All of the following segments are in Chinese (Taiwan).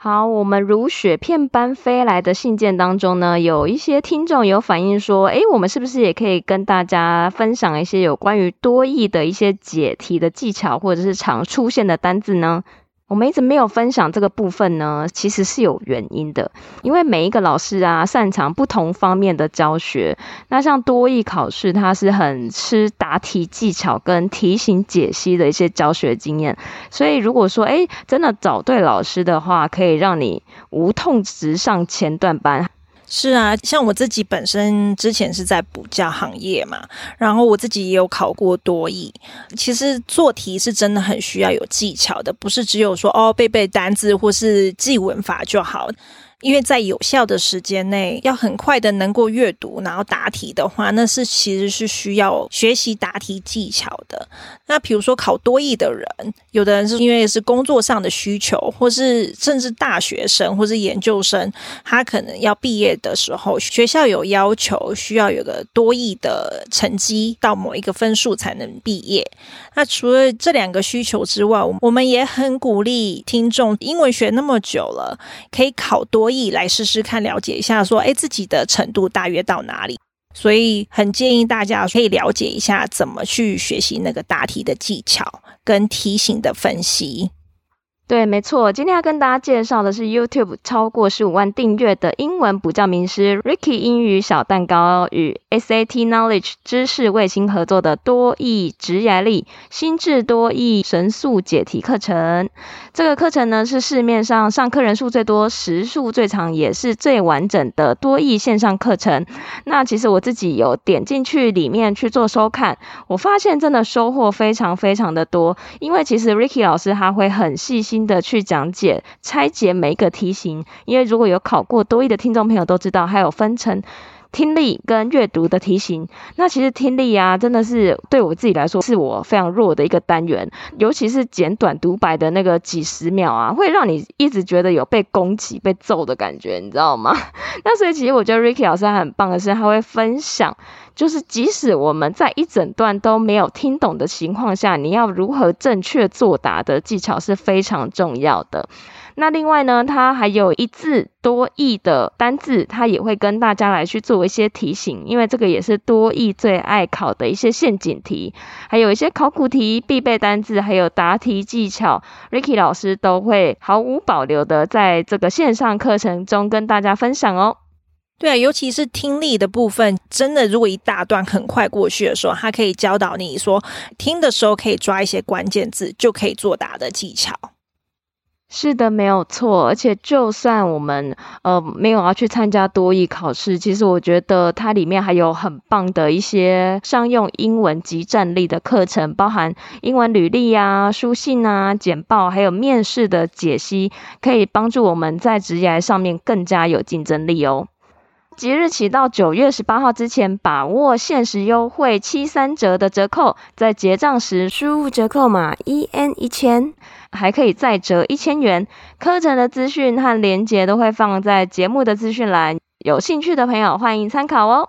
好，我們如雪片般飛來的信件當中呢，有一些聽眾有反映說，誒、欸，我們是不是也可以跟大家分享一些有關於多益的一些解題的技巧，或者是常出現的單字呢？我們一直沒有分享這個部分呢，其實是有原因的，因為每一個老師啊，擅長不同方面的教學。那像多益考試，它是很吃答題技巧跟題型解析的一些教學經驗，所以如果說，誒，真的找對老師的話，可以讓你無痛直上前段班。是啊，像我自己本身之前是在補教行業嘛，然後我自己也有考過多益。其實做題是真的很需要有技巧的，不是只有說哦背背單字或是記文法就好。因為在有效的時間內，要很快的能夠閱讀，然後答題的話，那是其實是需要學習答題技巧的。那比如說考多益的人，有的人是因為是工作上的需求，或是甚至大學生或是研究生，他可能要畢業的時候，學校有要求，需要有個多益的成績到某一個分數才能畢業。那除了這兩個需求之外，我們也很鼓勵聽眾，英文學那麼久了，可以考多益來試試看，了解一下，說，誒、哎，自己的程度大約到哪裡。所以，很建議大家可以了解一下怎麼去學習那個答題的技巧跟題型的分析。對，沒錯。今天要跟大家介紹的是 YouTube 超過十五萬訂閱的英文補教名師 Ricky 英語小蛋糕與 SAT Knowledge 知識衛星合作的多益職涯力，新制多益神速解題課程。這個課程呢，是市面上上課人數最多，時數最長，也是最完整的多益線上課程。那其實我自己有點進去裡面去做收看，我發現真的收穫非常非常的多，因為其實 Ricky 老師他會很細心，的去講解拆解每一個題型，因為如果有考過多益的聽眾朋友都知道，還有分成聽力跟閱讀的題型。那其實聽力啊，真的是對我自己來說，是我非常弱的一個單元，尤其是簡短獨白的那個幾十秒啊，會讓你一直覺得有被攻擊、被揍的感覺，你知道嗎？那所以其實我覺得 Ricky 老師很棒的是，他會分享。就是，即使我們在一整段都沒有聽懂的情況下，你要如何正確作答的技巧是非常重要的。那另外呢，它還有一字多義的單字，他也會跟大家來去做一些提醒，因為這個也是多益最愛考的一些陷阱題，還有一些考古題必備單字，還有答題技巧，Ricky 老師都會毫無保留的在這個線上課程中跟大家分享哦。對啊，尤其是聽力的部分，真的如果一大段很快過去的時候，他可以教導你說聽的時候可以抓一些關鍵字，就可以作答的技巧。是的，沒有錯。而且就算我們呃沒有要去參加多益考試，其實我覺得它裡面還有很棒的一些商用英文及戰力的課程，包含英文履歷啊、書信啊、簡報，還有面試的解析，可以幫助我們在職涯上面更加有競爭力哦。即日起到九月十八號之前，把握限時優惠七三折的折扣，在結賬時輸入折扣碼 E N 一千，還可以再折一千元。課程的資訊和鏈接都會放在節目的資訊欄，有興趣的朋友歡迎參考哦。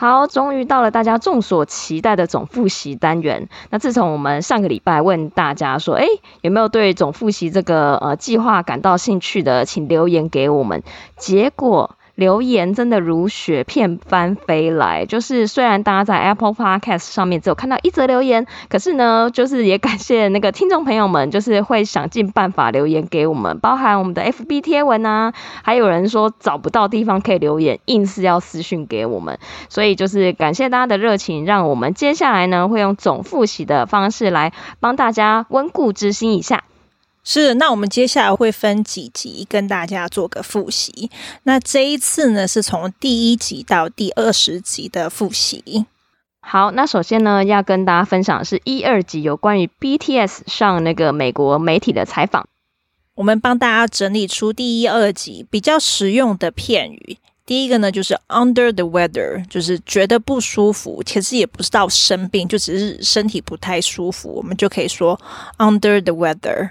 好，終於到了大家眾所期待的總複習單元。那自從我們上個禮拜問大家說，哎，有沒有對總複習這個呃計劃感到興趣的，請留言給我們。結果。留言真的如雪片般飛來，就是雖然大家在 Apple Podcast 上面只有看到一則留言，可是呢，就是也感謝那個聽眾朋友們，就是會想盡辦法留言給我們，包含我們的 FB 貼文啊，還有人說找不到地方可以留言，硬是要私訊給我們，所以就是感謝大家的熱情，讓我們接下來呢會用總複習的方式來幫大家溫故知新一下。是，那我們接下來會分幾集跟大家做個複習。那這一次呢，是從第一集到第二十集的複習。好，那首先呢，要跟大家分享的是一二集有關於 BTS 上那個美國媒體的採訪，我們幫大家整理出第一二集比較實用的片語。第一個呢，就是 under the weather，就是覺得不舒服，其實也不知道生病，就只是身體不太舒服，我們就可以說 under the weather。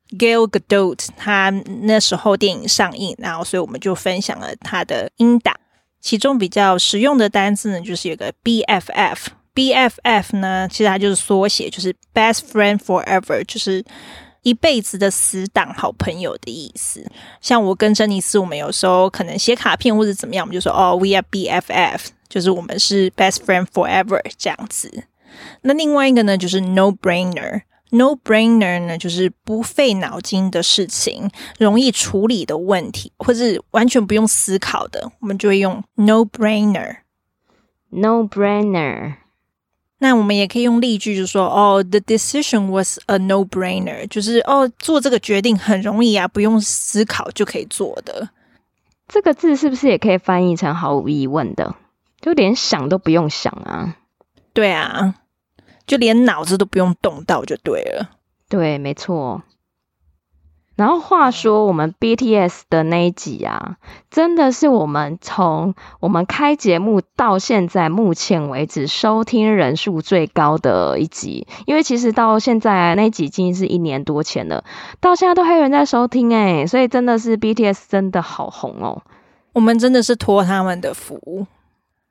Gail Gadot，他那時候電影上映，然後所以我們就分享了他的音檔。其中比較實用的單字呢，就是有個 BFF，BFF 呢，其實它就是縮寫，就是 best friend forever，就是一輩子的死黨、好朋友的意思。像我跟珍妮絲，我們有時候可能寫卡片或者怎麼樣，我們就說哦，we are BFF，就是我們是 best friend forever 這樣子。那另外一個呢，就是 no brainer。No brainer 呢，就是不費腦筋的事情，容易處理的問題，或是完全不用思考的，我們就會用 no brainer。No brainer。那我們也可以用例句就是，就說哦，the decision was a no brainer，就是哦，做這個決定很容易啊，不用思考就可以做的。這個字是不是也可以翻譯成毫無疑問的？就連想都不用想啊。對啊。就連腦子都不用動到就對了，對，沒錯。然後話說，我們 BTS 的那一集啊，真的是我們從我們開節目到現在目前為止收聽人數最高的一集，因為其實到現在那集已經是一年多前了，到現在都還有人在收聽誒，所以真的是 BTS 真的好紅哦，我們真的是托他們的福，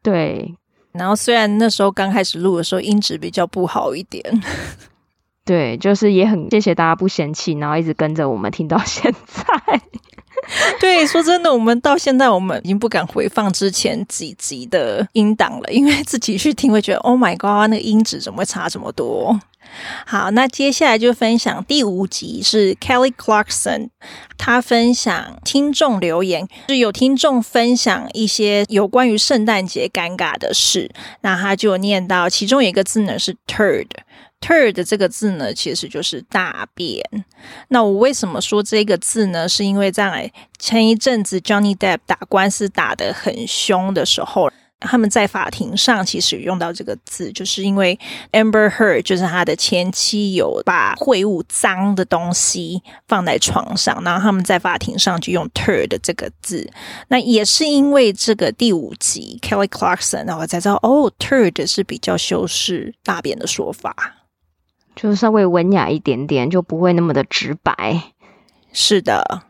對。然後雖然那時候剛開始錄的時候音質比較不好一點，對，就是也很謝謝大家不嫌棄，然後一直跟着我們聽到現在。 對，說真的，我們到現在我們已經不敢回放之前幾集的音檔了，因為自己去聽會覺得，Oh my God，那個音質怎麼會差這麼多？好，那接下來就分享第五集，是 Kelly Clarkson，他分享聽眾留言，是有聽眾分享一些有關於聖誕節尷尬的事。那他就念到其中有一個字呢是 “turd”，“turd” 這個字呢其實就是大便。那我為什麼說這個字呢？是因為在前一陣子 Johnny Depp 打官司打得很兇的時候。他們在法庭上其實用到這個字，就是因為 Amber Heard 就是他的前妻有把穢物髒的東西放在床上，然後他們在法庭上就用 turd 這個字。那也是因為這個第五集 Kelly Clarkson，然後才知道哦，turd 是比較修飾大便的說法，就是稍微文雅一點點，就不會那麼的直白。是的。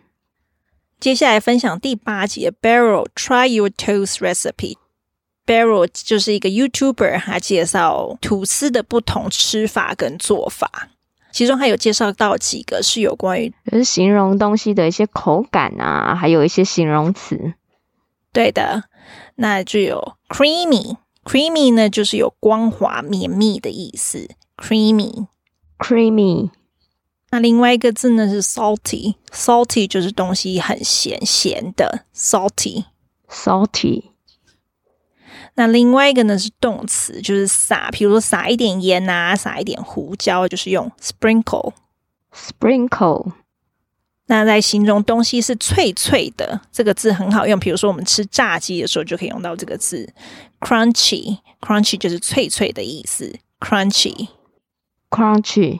接下來分享第八集的 Barrel Try Your Toast Recipe。Barrel 就是一個 Youtuber，他介紹吐司的不同吃法跟做法。其中還有介紹到幾個是有關於形容東西的一些口感啊，還有一些形容詞。對的，那就有 creamy，creamy 呢就是有光滑綿密的意思，creamy，creamy。Cream 那另外一個字呢是 salty，salty 就是東西很鹹鹹的 salty，salty。Salty。那另外一個呢是動詞，就是撒，比如說撒一點鹽啊，撒一點胡椒，就是用 sprinkle，sprinkle。Sprinkle。那在形容東西是脆脆的，這個字很好用，比如說我們吃炸雞的時候就可以用到這個字 crunchy，crunchy 就是脆脆的意思 crunchy，crunchy。Crunchy。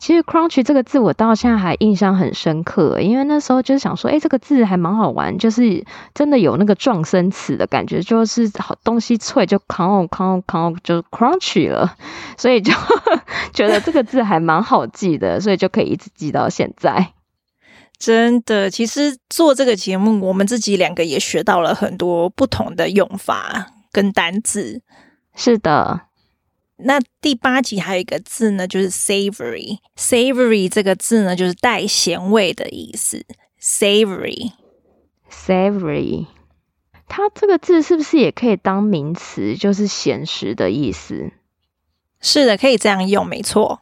其實 crunch 這個字我到現在還印象很深刻，因為那時候就想說，誒、欸、這個字還蠻好玩，就是真的有那個狀聲詞的感覺，就是好東西脆就 crunch crunch crunch 就 crunch 了，所以就呵呵覺得這個字還蠻好記的， 所以就可以一直記到現在。真的，其實做這個節目，我們自己兩個也學到了很多不同的用法跟單字。是的。那第八集還有一個字呢，就是 savory。savory 這個字呢，就是帶鹹味的意思。savory。savory。它這個字是不是也可以當名詞，就是鹹食的意思？是的，可以這樣用，沒錯。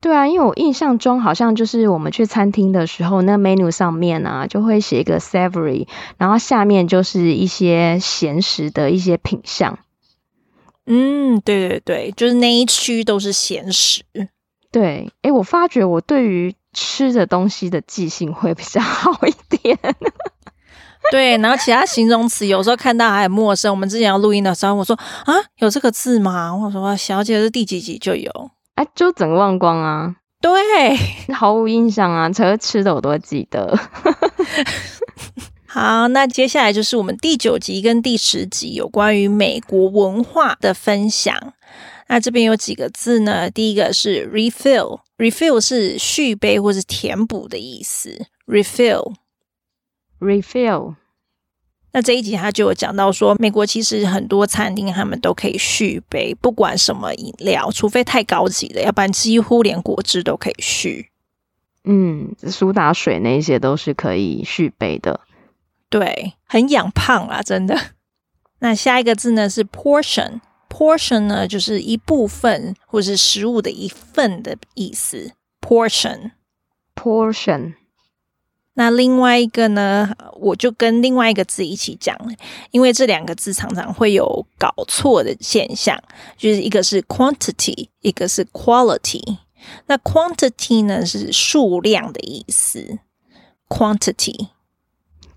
對啊，因為我印象中好像就是我們去餐廳的時候，那 menu 上面啊，就會寫一個 savory，然後下面就是一些鹹食的一些品項。嗯，對對對，就是那一區都是鹹食。對，哎，我發覺我對於吃的東西的記性會比較好一點。 對，然後其他形容詞有時候看到還很陌生。我們之前要錄音的時候，我說啊，有這個字嗎？我說小姐是第幾集就有？哎、啊，就整個忘光啊，對， 毫無印象啊。才會吃的，我都會記得。 好，那接下來就是我們第九集跟第十集有關於美國文化的分享。那這邊有幾個字呢？第一個是 refill，refill 是續杯或是填補的意思。refill，refill。Refill。那這一集他就有講到說，美國其實很多餐廳他們都可以續杯，不管什麼飲料，除非太高級的，要不然幾乎連果汁都可以續。嗯，蘇打水那些都是可以續杯的。對，很養胖啊，真的。那下一個字呢是 portion，portion 呢就是一部分或是食物的一份的意思。portion，portion。Port ion 那另外一個呢，我就跟另外一個字一起講，因為這兩個字常常會有搞錯的現象，就是一個是 quantity，一個是 quality。那 quantity 呢是數量的意思，quantity。Quant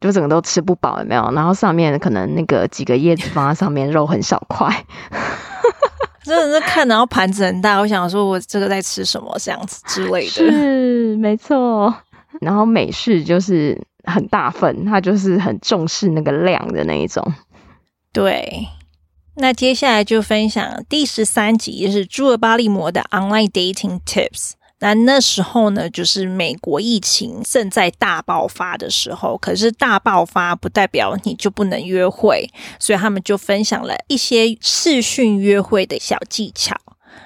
就整個都吃不飽，有沒有？然後上面可能那個幾個葉子放在上面，肉很少塊。真的 是看，然後盤子很大，我想說我這個在吃什麼這樣子之類的。是，沒錯。然後美式就是很大份，它就是很重視那個量的那一種。對，那接下來就分享第十三集，就是《茱兒芭莉摩的 Online Dating Tips》。那那時候呢，就是美國疫情正在大爆發的時候。可是大爆發不代表你就不能約會，所以他們就分享了一些視訊約會的小技巧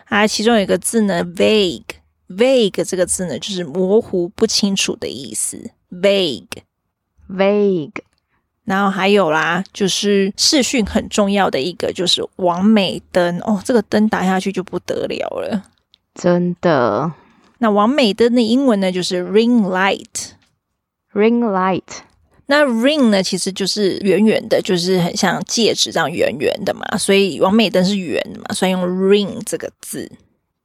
啊。其中有一個字呢，vague，vague 這個字呢就是模糊不清楚的意思，vague，vague。然後還有啦，就是視訊很重要的一個就是網美燈哦，這個燈打下去就不得了了，真的。那網美燈的英文呢，就是 ring light，ring light。Ring light 那 ring 呢，其實就是圓圓的，就是很像戒指這樣圓圓的嘛。所以網美燈是圓的嘛，所以用 ring 這個字。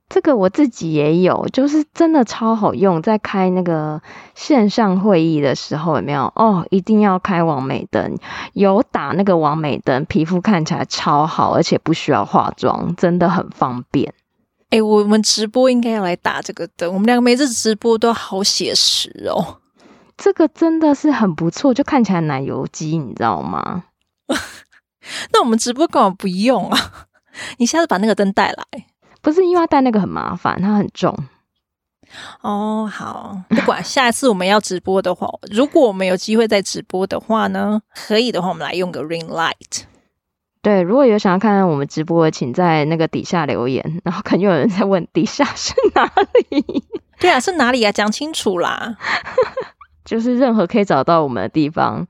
這個我自己也有，就是真的超好用。在開那個線上會議的時候，有沒有哦？一定要開網美燈，有打那個網美燈，皮膚看起來超好，而且不需要化妝，真的很方便。哎，我、欸、我們直播應該要來打這個燈。我們兩個每次直播都好寫實哦，這個真的是很不錯，就看起來奶油肌，你知道嗎？ 那我們直播根本不用啊！你下次把那個燈帶來，不是因為要帶那個很麻煩，它很重。哦，好，不管下一次我們要直播的話， 如果我們有機會再直播的話呢，可以的話，我們來用個 ring light。對，如果有想要看，看我們直播的，請在那個底下留言。然後肯定有人在問，底下是哪裡？對啊，是哪裡啊？講清楚啦！ 就是任何可以找到我們的地方，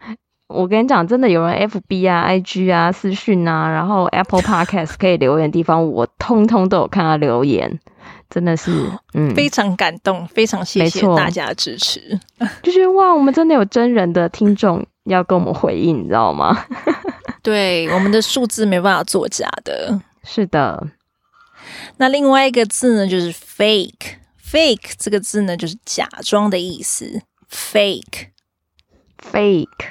我跟你講，真的有人 FB 啊、IG 啊、私訊啊，然後 Apple Podcast 可以留言的地方， 我通通都有看到留言，真的是嗯，非常感動，非常謝謝大家的支持。就是哇，我們真的有真人的聽眾要跟我們回應，你知道嗎？ 對，我們的數字沒辦法作假的。是的，那另外一個字呢，就是 fake，fake 這個字呢，就是假裝的意思。fake，fake Fake。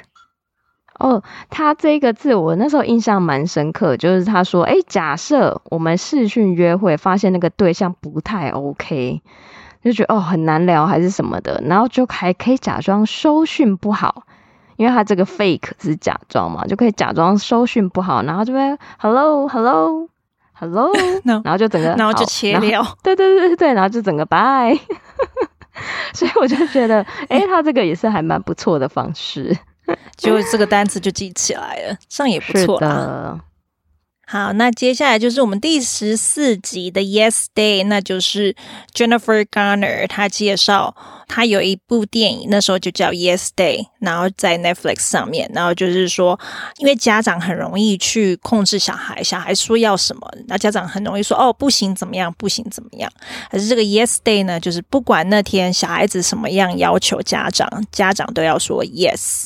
哦，他這個字我那時候印象蠻深刻，就是他說，哎，假設我們視訊約會，發現那個對象不太 OK，就覺得哦很難聊還是什麼的，然後就還可以假裝收訊不好。因為他這個 fake 是假裝嘛，就可以假裝收訊不好，然後這邊 hello hello hello，hello no, 然後就整個，然後就切掉，對對對對，然後就整個 bye。 所以我就覺得，誒、欸、他這個也是還蠻不錯的方式， 就這個單詞就記起來了，這樣也不錯、啊、的好，那接下來就是我們第十四集的 Yes Day，那就是 Jennifer Garner，她介紹她有一部電影，那時候就叫 Yes Day，然後在 Netflix 上面，然後就是說，因為家長很容易去控制小孩，小孩說要什麼，那家長很容易說哦不行，怎麼樣不行，怎麼樣，還是這個 Yes Day 呢？就是不管那天小孩子什麼樣要求，家長家長都要說 Yes。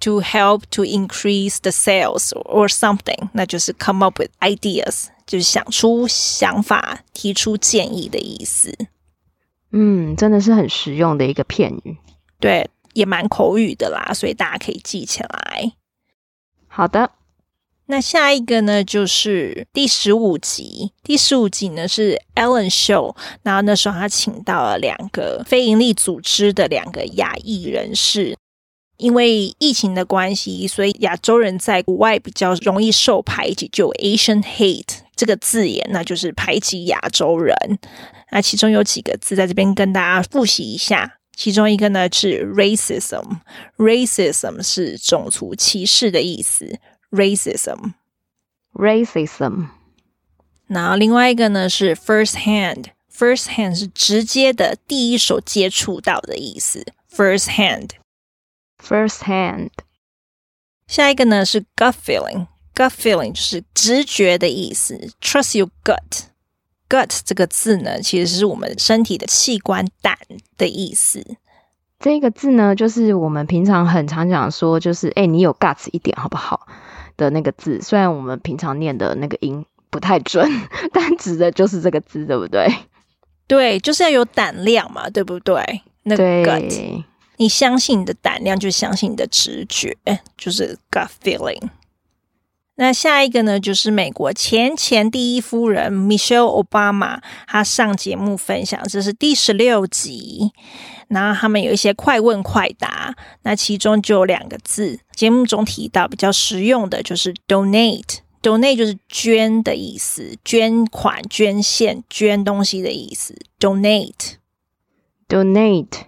To help to increase the sales or something，那就是 come up with ideas，就是想出想法、提出建議的意思。嗯，真的是很實用的一個片語，對，也蠻口語的啦，所以大家可以記起來。好的，那下一個呢就是第十五集。第十五集呢是 Ellen Show，然後那時候他請到了兩個非營利組織的兩個亞裔人士。因為疫情的關係，所以亞洲人在國外比較容易受排擠。就 Asian hate 這個字眼，那就是排擠亞洲人。那其中有幾個字在這邊跟大家複習一下。其中一個呢是 racism，racism 是種族歧視的意思。racism，racism。Racism。然後另外一個呢是 first hand，first hand 是直接的、第一手接觸到的意思。first hand。First hand，下一個呢是 gut feeling。gut feeling 就是直覺的意思。Trust your gut。gut 這個字呢，其實是我們身體的器官膽的意思。這個字呢，就是我們平常很常講說，就是哎、欸，你有 guts 一點好不好？的那個字，雖然我們平常念的那個音不太準，但指的就是這個字，對不對？對，就是要有膽量嘛，對不對？那個 guts。對你相信你的膽量，就相信你的直覺，就是 gut feeling。那下一個呢，就是美國前前第一夫人 Michelle Obama，她上節目分享，這是第十六集。然後他們有一些快問快答，那其中就有兩個字，節目中提到比較實用的，就是 donate。donate 就是捐的意思，捐款、捐獻、捐東西的意思。donate donate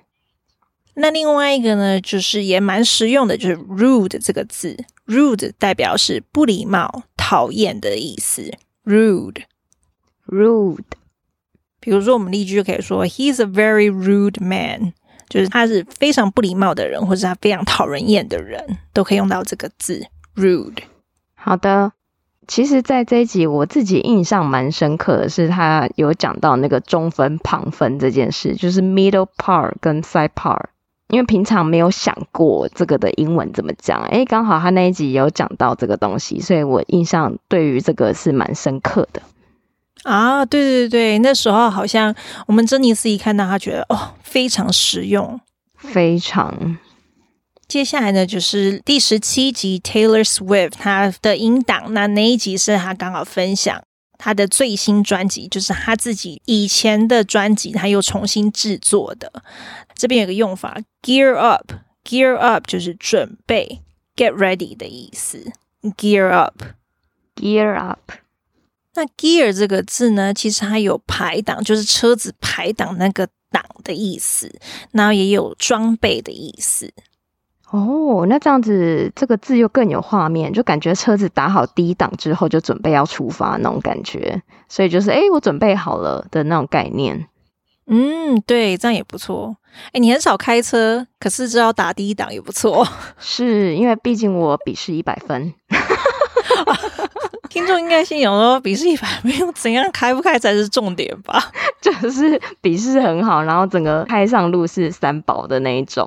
那另外一個呢，就是也蠻實用的，就是 rude 這個字，rude 代表是不禮貌、討厭的意思。rude，rude。rude. 比如說我們例句就可以說，He's a very rude man，就是他是非常不禮貌的人，或者他非常討人厭的人，都可以用到這個字 rude。好的，其實，在這一集我自己印象蠻深刻的是，他有講到那個中分、旁分這件事，就是 middle part 跟 side part。因為平常沒有想過這個的英文怎麼講，誒，剛好他那一集有講到這個東西，所以我印象對於這個是蠻深刻的。啊，對對對，那時候好像我們珍妮絲一看到他，覺得哦，非常實用，非常。接下來呢，就是第十七集 Taylor Swift 他的音檔，那那一集是他剛好分享。他的最新專輯就是他自己以前的專輯，他又重新製作的。這邊有一個用法，gear up，gear up 就是準備，get ready 的意思。gear up，gear up。Gear up. 那 gear 這個字呢，其實它有排擋，就是車子排擋那個擋的意思，然後也有裝備的意思。哦，那這樣子這個字又更有畫面，就感覺車子打好第一檔之後就準備要出發那種感覺，所以就是哎、欸，我準備好了的那種概念。嗯，對，這樣也不錯。哎、欸，你很少開車，可是知道打第一檔也不錯。是因為畢竟我筆試一百分， 聽眾應該心想說筆試一百分，怎樣開不開才是重點吧？就是筆試很好，然後整個開上路是三寶的那一種。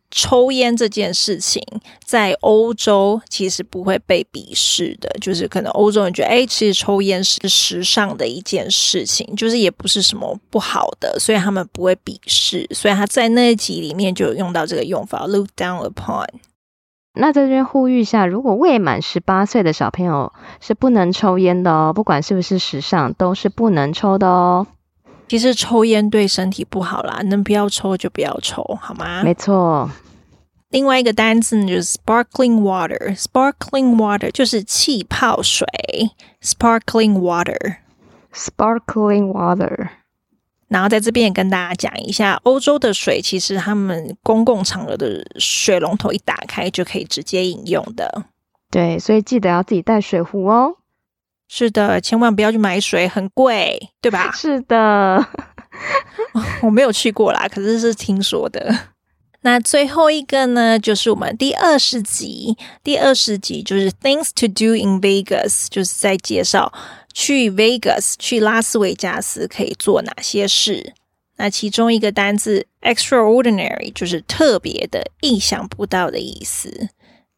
抽菸這件事情在歐洲其實不會被鄙視的，就是可能歐洲人覺得，哎，其實抽菸是時尚的一件事情，就是也不是什麼不好的，所以他們不會鄙視。所以他在那一集裡面就有用到這個用法，look down upon。那在這邊呼籲下，如果未滿十八歲的小朋友是不能抽菸的哦，不管是不是時尚，都是不能抽的哦。其實抽煙對身體不好啦，能不要抽就不要抽，好嗎？沒錯。另外一個單詞呢，就是 sparkling water，sparkling water 就是氣泡水，sparkling water，sparkling water。ling water. 然後在這邊也跟大家講一下，歐洲的水其實他們公共場合的水龍頭一打開就可以直接飲用的。對，所以記得要自己帶水壺哦。是的，千萬不要去買水，很貴，對吧？是的， 我沒有去過啦，可是是聽說的。那最後一個呢，就是我們第二十集，第二十集就是 Things to do in Vegas，就是在介紹去 Vegas，去拉斯維加斯可以做哪些事。那其中一個單字 extraordinary 就是特別的、意想不到的意思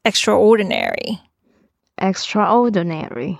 ，extraordinary，extraordinary。Extra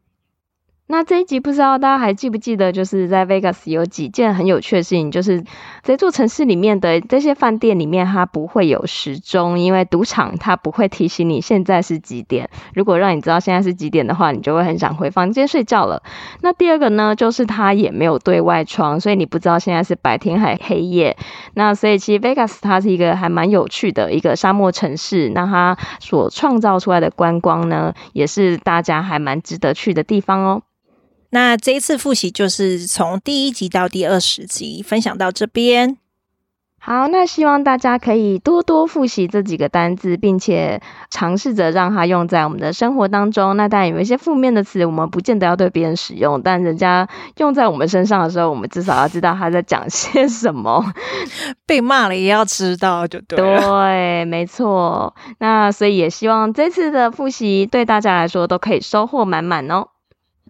那這一集不知道大家還記不記得，就是在 Vegas 有幾件很有趣的事情，就是這座城市裡面的這些飯店裡面，它不會有時鐘，因為賭場它不會提醒你現在是幾點。如果讓你知道現在是幾點的話，你就會很想回房間睡覺了。那第二個呢，就是它也沒有對外窗，所以你不知道現在是白天還是黑夜。那所以其實 Vegas 它是一個還蠻有趣的一個沙漠城市，那它所創造出來的觀光呢，也是大家還蠻值得去的地方哦。那這一次復習就是從第一集到第二十集，分享到這邊。好，那希望大家可以多多複習這幾個單字，並且嘗試着讓它用在我們的生活當中。那當然有一些負面的詞，我們不見得要對別人使用，但人家用在我們身上的時候，我們至少要知道他在講些什麼。 被罵了也要知道，就對對，沒錯。那所以也希望這次的複習對大家來說都可以收穫滿滿哦。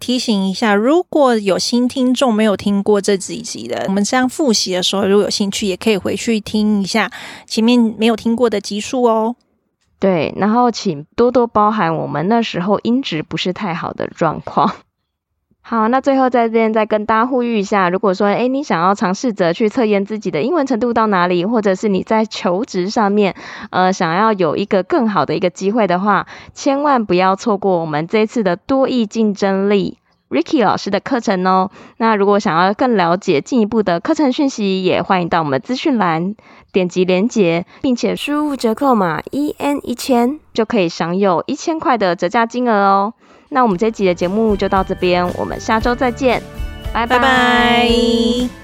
提醒一下，如果有新聽眾沒有聽過這幾集的，我們這樣複習的時候，如果有興趣，也可以回去聽一下前面沒有聽過的集數哦。對，然後請多多包涵，我們那時候音質不是太好的狀況。好，那最後在這邊再跟大家呼籲一下，如果說誒、欸、你想要嘗試着去測驗自己的英文程度到哪裡，或者是你在求職上面，呃，想要有一個更好的一個機會的話，千萬不要錯過我們這一次的多益競爭力 Ricky 老師的課程哦。那如果想要更了解進一步的課程訊息，也歡迎到我們資訊欄點擊連結，並且輸入折扣碼 EN1000，就可以享有一千塊的折價金額哦。那我們這集的節目就到這邊，我們下週再見，拜拜拜。拜拜。